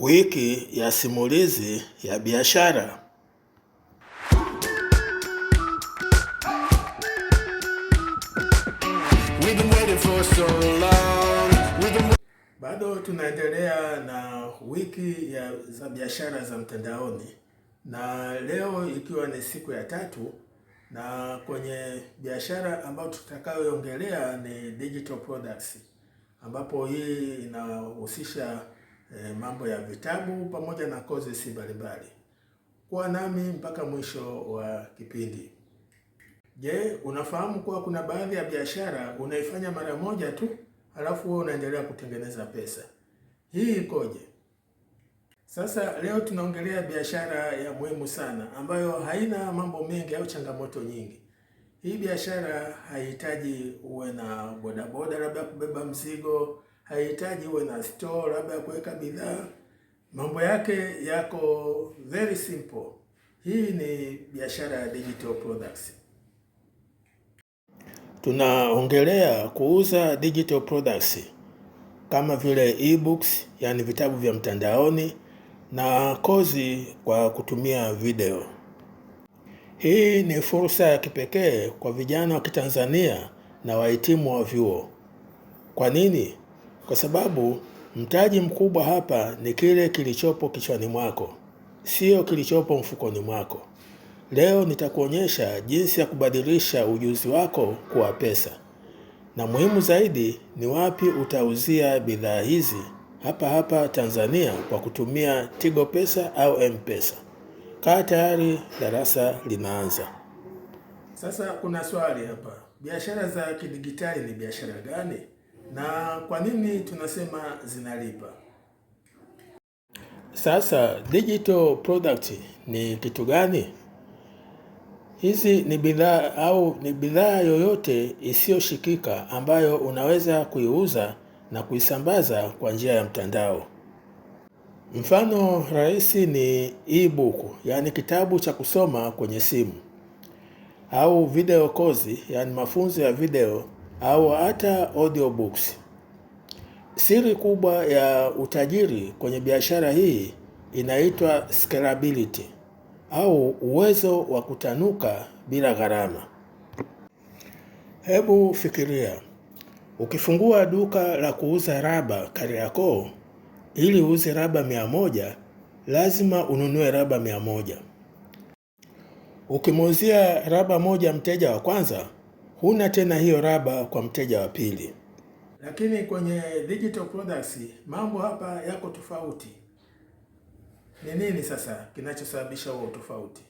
Wiki ya simulizi ya biashara. Bado tunaendelea na wiki ya za biashara za mtandaoni, na leo ikiwa ni siku ya tatu, na kwenye biashara ambayo tutakayoongelea ni digital products, ambapo hii inahusisha e, mambo ya vitabu pamoja na kozi mbalimbali. Kuwa nami mpaka mwisho wa kipindi. Je, unafahamu kuwa kuna baadhi ya biashara unaifanya mara moja tu halafu wewe unaendelea kutengeneza pesa? Hii ikoje? Sasa leo tunaongelea biashara ya muhimu sana ambayo haina mambo mengi au changamoto nyingi. Hii biashara haihitaji uwe na bodaboda labda kubeba mzigo haihitaji uwe na store labda ya kuweka bidhaa. Mambo yake yako very simple. Hii ni biashara ya digital products. Tunaongelea kuuza digital products kama vile ebooks, yani vitabu vya mtandaoni na kozi kwa kutumia video. Hii ni fursa ya kipekee kwa vijana wa Kitanzania na wahitimu wa vyuo. Kwa nini? kwa sababu mtaji mkubwa hapa ni kile kilichopo kichwani mwako, sio kilichopo mfukoni mwako. Leo nitakuonyesha jinsi ya kubadilisha ujuzi wako kuwa pesa, na muhimu zaidi ni wapi utauzia bidhaa hizi hapa hapa Tanzania kwa kutumia Tigo Pesa au M-Pesa. Kaa tayari, darasa linaanza. Sasa kuna swali hapa, biashara za kidigitali ni biashara gani? Na kwa nini tunasema zinalipa? Sasa digital product ni kitu gani? Hizi ni bidhaa au ni bidhaa yoyote isiyoshikika ambayo unaweza kuiuza na kuisambaza kwa njia ya mtandao. Mfano rahisi ni e-book, yaani kitabu cha kusoma kwenye simu au video kozi, yaani mafunzo ya video au hata audiobooks. Siri kubwa ya utajiri kwenye biashara hii inaitwa scalability au uwezo wa kutanuka bila gharama. Hebu fikiria ukifungua duka la kuuza raba Kariakoo, ili uuze raba mia moja lazima ununue raba mia moja. Ukimuuzia raba moja mteja wa kwanza, huna tena hiyo raba kwa mteja wa pili. Lakini kwenye digital products mambo hapa yako tofauti. Ni nini sasa kinachosababisha huo tofauti?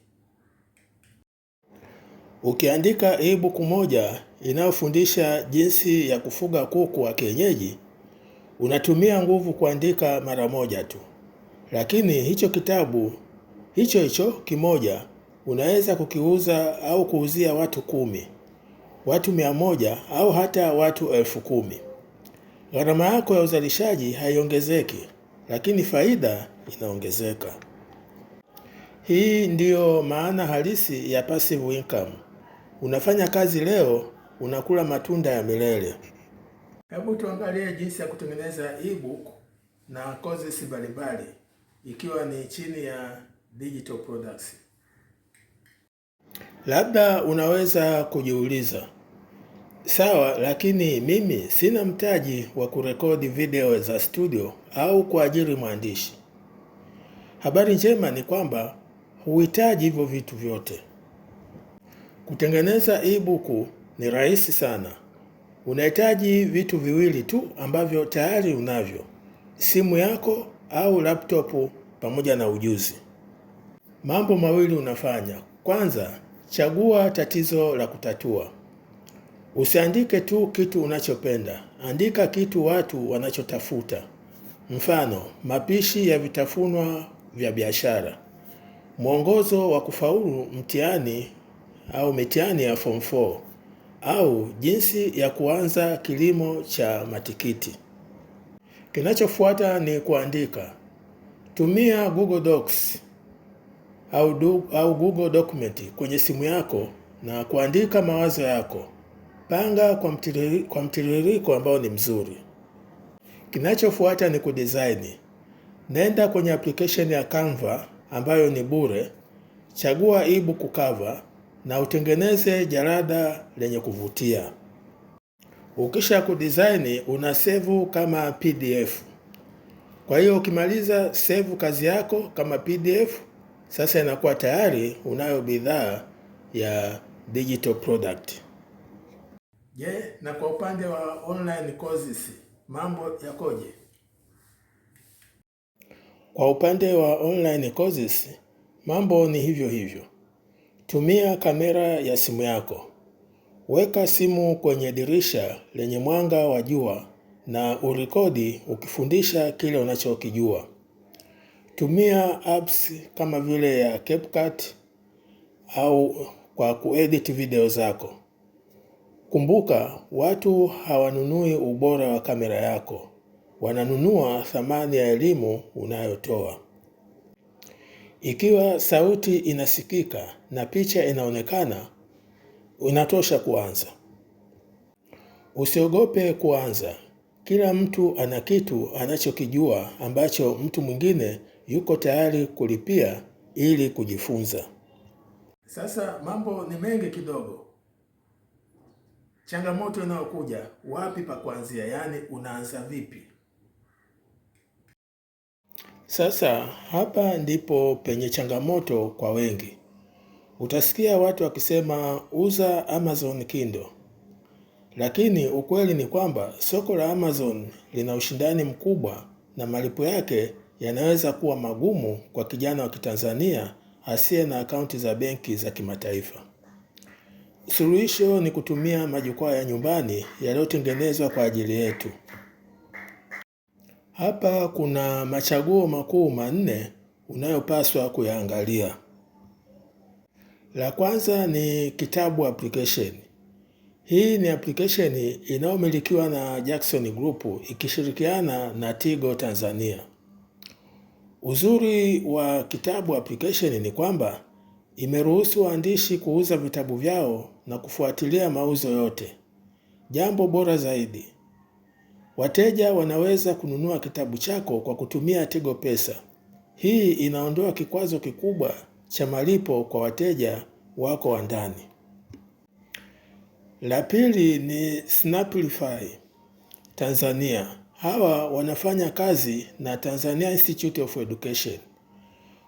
Ukiandika ebook moja inayofundisha jinsi ya kufuga kuku wa kienyeji, unatumia nguvu kuandika mara moja tu, lakini hicho kitabu hicho hicho kimoja unaweza kukiuza au kuuzia watu kumi watu mia moja au hata watu elfu kumi. Gharama yako ya uzalishaji haiongezeki, lakini faida inaongezeka. Hii ndiyo maana halisi ya passive income. Unafanya kazi leo, unakula matunda ya milele. Hebu tuangalie jinsi ya kutengeneza ebook na courses mbalimbali ikiwa ni chini ya digital products. Labda unaweza kujiuliza, sawa, lakini mimi sina mtaji wa kurekodi video za studio au kuajiri mwandishi. Habari njema ni kwamba huhitaji hivyo vitu vyote. Kutengeneza ebook ni rahisi sana. Unahitaji vitu viwili tu ambavyo tayari unavyo: simu yako au laptop pamoja na ujuzi. Mambo mawili unafanya. Kwanza Chagua tatizo la kutatua. Usiandike tu kitu unachopenda, andika kitu watu wanachotafuta. Mfano, mapishi ya vitafunwa vya biashara, mwongozo wa kufaulu mtihani au mitihani ya form 4, au jinsi ya kuanza kilimo cha matikiti. Kinachofuata ni kuandika. Tumia Google Docs au, du, au Google document kwenye simu yako na kuandika mawazo yako. Panga kwa mtiririko, kwa mtiririko ambao ni mzuri. Kinachofuata ni kudesign. Nenda kwenye application ya Canva ambayo ni bure, chagua ebook cover na utengeneze jarada lenye kuvutia. Ukisha kudesign save kama PDF. Kwa hiyo ukimaliza save kazi yako kama PDF sasa inakuwa tayari unayo bidhaa ya digital product. Je, yeah, na kwa upande wa online courses mambo yakoje? Kwa upande wa online courses mambo ni hivyo hivyo. Tumia kamera ya simu yako, weka simu kwenye dirisha lenye mwanga wa jua na urekodi ukifundisha kile unachokijua. Tumia apps kama vile ya CapCut au kwa kuedit video zako. Kumbuka, watu hawanunui ubora wa kamera yako, wananunua thamani ya elimu unayotoa. Ikiwa sauti inasikika na picha inaonekana, inatosha kuanza. Usiogope kuanza. Kila mtu ana kitu anachokijua ambacho mtu mwingine yuko tayari kulipia ili kujifunza. Sasa mambo ni mengi kidogo, changamoto inayokuja wapi pa kuanzia, yaani unaanza vipi? Sasa hapa ndipo penye changamoto kwa wengi. Utasikia watu wakisema uza Amazon Kindle, lakini ukweli ni kwamba soko la Amazon lina ushindani mkubwa na malipo yake yanaweza kuwa magumu kwa kijana wa Kitanzania asiye na akaunti za benki za kimataifa. Suluhisho ni kutumia majukwaa ya nyumbani yaliyotengenezwa kwa ajili yetu. Hapa kuna machaguo makuu manne unayopaswa kuyaangalia. La kwanza ni Kitabu application. Hii ni application inayomilikiwa na Jackson Group ikishirikiana na Tigo Tanzania. Uzuri wa kitabu application ni kwamba imeruhusu waandishi kuuza vitabu vyao na kufuatilia mauzo yote. Jambo bora zaidi, wateja wanaweza kununua kitabu chako kwa kutumia Tigo Pesa. Hii inaondoa kikwazo kikubwa cha malipo kwa wateja wako wa ndani. La pili ni Snaplify Tanzania. Hawa wanafanya kazi na Tanzania Institute of Education.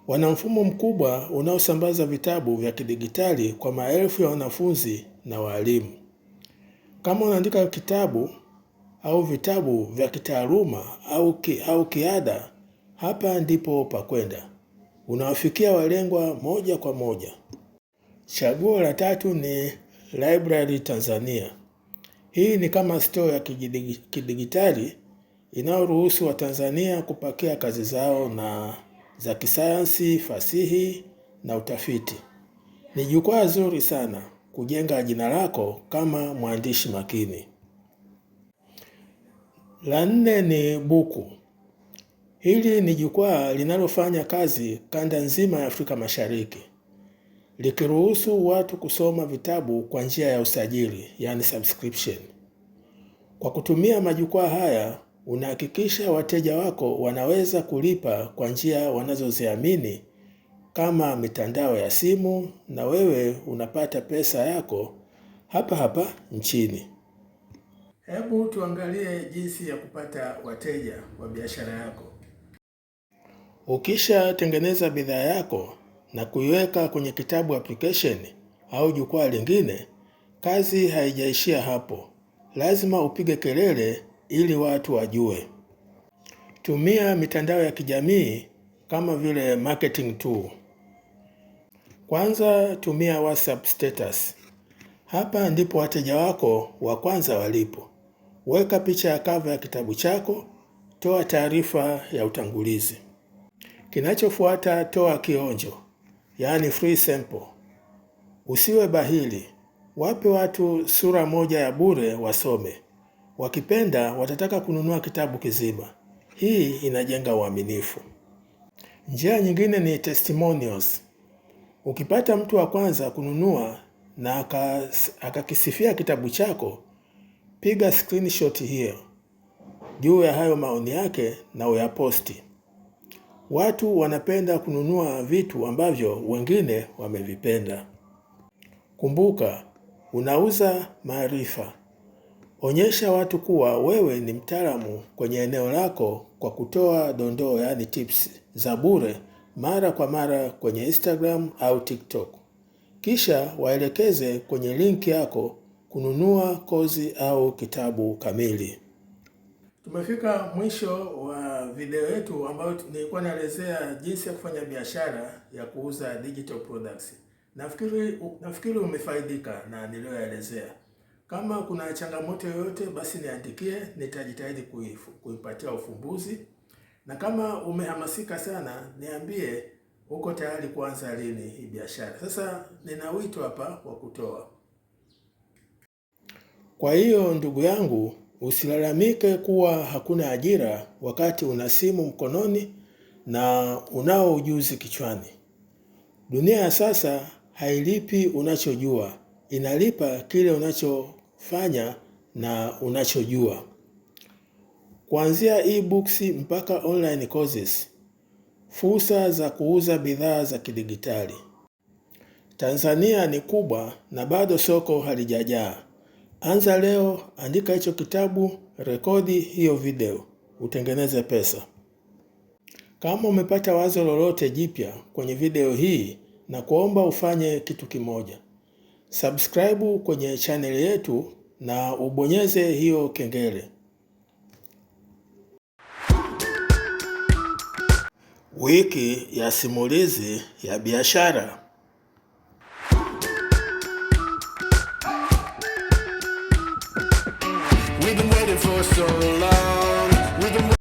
Wana mfumo mkubwa unaosambaza vitabu vya kidigitali kwa maelfu ya wanafunzi na waalimu. Kama unaandika kitabu au vitabu vya kitaaluma au, ki, au kiada, hapa ndipo pa kwenda. Unawafikia walengwa moja kwa moja. Chaguo la tatu ni Library Tanzania. Hii ni kama store ya kidigitali inayoruhusu Watanzania kupakia kazi zao na za kisayansi, fasihi na utafiti. Ni jukwaa zuri sana kujenga jina lako kama mwandishi makini. La nne ni Buku. Hili ni jukwaa linalofanya kazi kanda nzima ya Afrika Mashariki, likiruhusu watu kusoma vitabu kwa njia ya usajili, yani subscription. Kwa kutumia majukwaa haya, unahakikisha wateja wako wanaweza kulipa kwa njia wanazoziamini kama mitandao ya simu na wewe unapata pesa yako hapa hapa nchini. Hebu tuangalie jinsi ya kupata wateja wa biashara yako. Ukishatengeneza bidhaa yako na kuiweka kwenye kitabu application au jukwaa lingine, kazi haijaishia hapo. Lazima upige kelele ili watu wajue. Tumia mitandao ya kijamii kama vile marketing tool. Kwanza tumia WhatsApp status. Hapa ndipo wateja wako wa kwanza walipo. Weka picha ya kava ya kitabu chako, toa taarifa ya utangulizi. Kinachofuata, toa kionjo, yaani free sample. Usiwe bahili, wape watu sura moja ya bure wasome. Wakipenda watataka kununua kitabu kizima. Hii inajenga uaminifu. Njia nyingine ni testimonials. Ukipata mtu wa kwanza kununua na akakisifia kitabu chako, piga screenshot hiyo juu ya hayo maoni yake na uyaposti. Watu wanapenda kununua vitu ambavyo wengine wamevipenda. Kumbuka, unauza maarifa, Onyesha watu kuwa wewe ni mtaalamu kwenye eneo lako kwa kutoa dondoo, yaani tips za bure mara kwa mara kwenye Instagram au TikTok. Kisha waelekeze kwenye linki yako kununua kozi au kitabu kamili. Tumefika mwisho wa video yetu ambayo nilikuwa naelezea jinsi ya kufanya biashara ya kuuza digital products. Nafikiri, nafikiri umefaidika na niliyoelezea. Kama kuna changamoto yoyote, basi niandikie, nitajitahidi kuipatia ufumbuzi. Na kama umehamasika sana, niambie uko tayari kuanza lini hii biashara. Sasa nina wito hapa wa kutoa. Kwa hiyo ndugu yangu, usilalamike kuwa hakuna ajira wakati una simu mkononi na unao ujuzi kichwani. Dunia ya sasa hailipi unachojua, inalipa kile unacho fanya na unachojua. Kuanzia ebooks mpaka online courses, fursa za kuuza bidhaa za kidigitali. Tanzania ni kubwa na bado soko halijajaa. Anza leo, andika hicho kitabu, rekodi hiyo video, utengeneze pesa. Kama umepata wazo lolote jipya kwenye video hii na kuomba ufanye kitu kimoja subscribe kwenye chaneli yetu na ubonyeze hiyo kengele. Wiki ya simulizi ya biashara. We've been waiting for so long.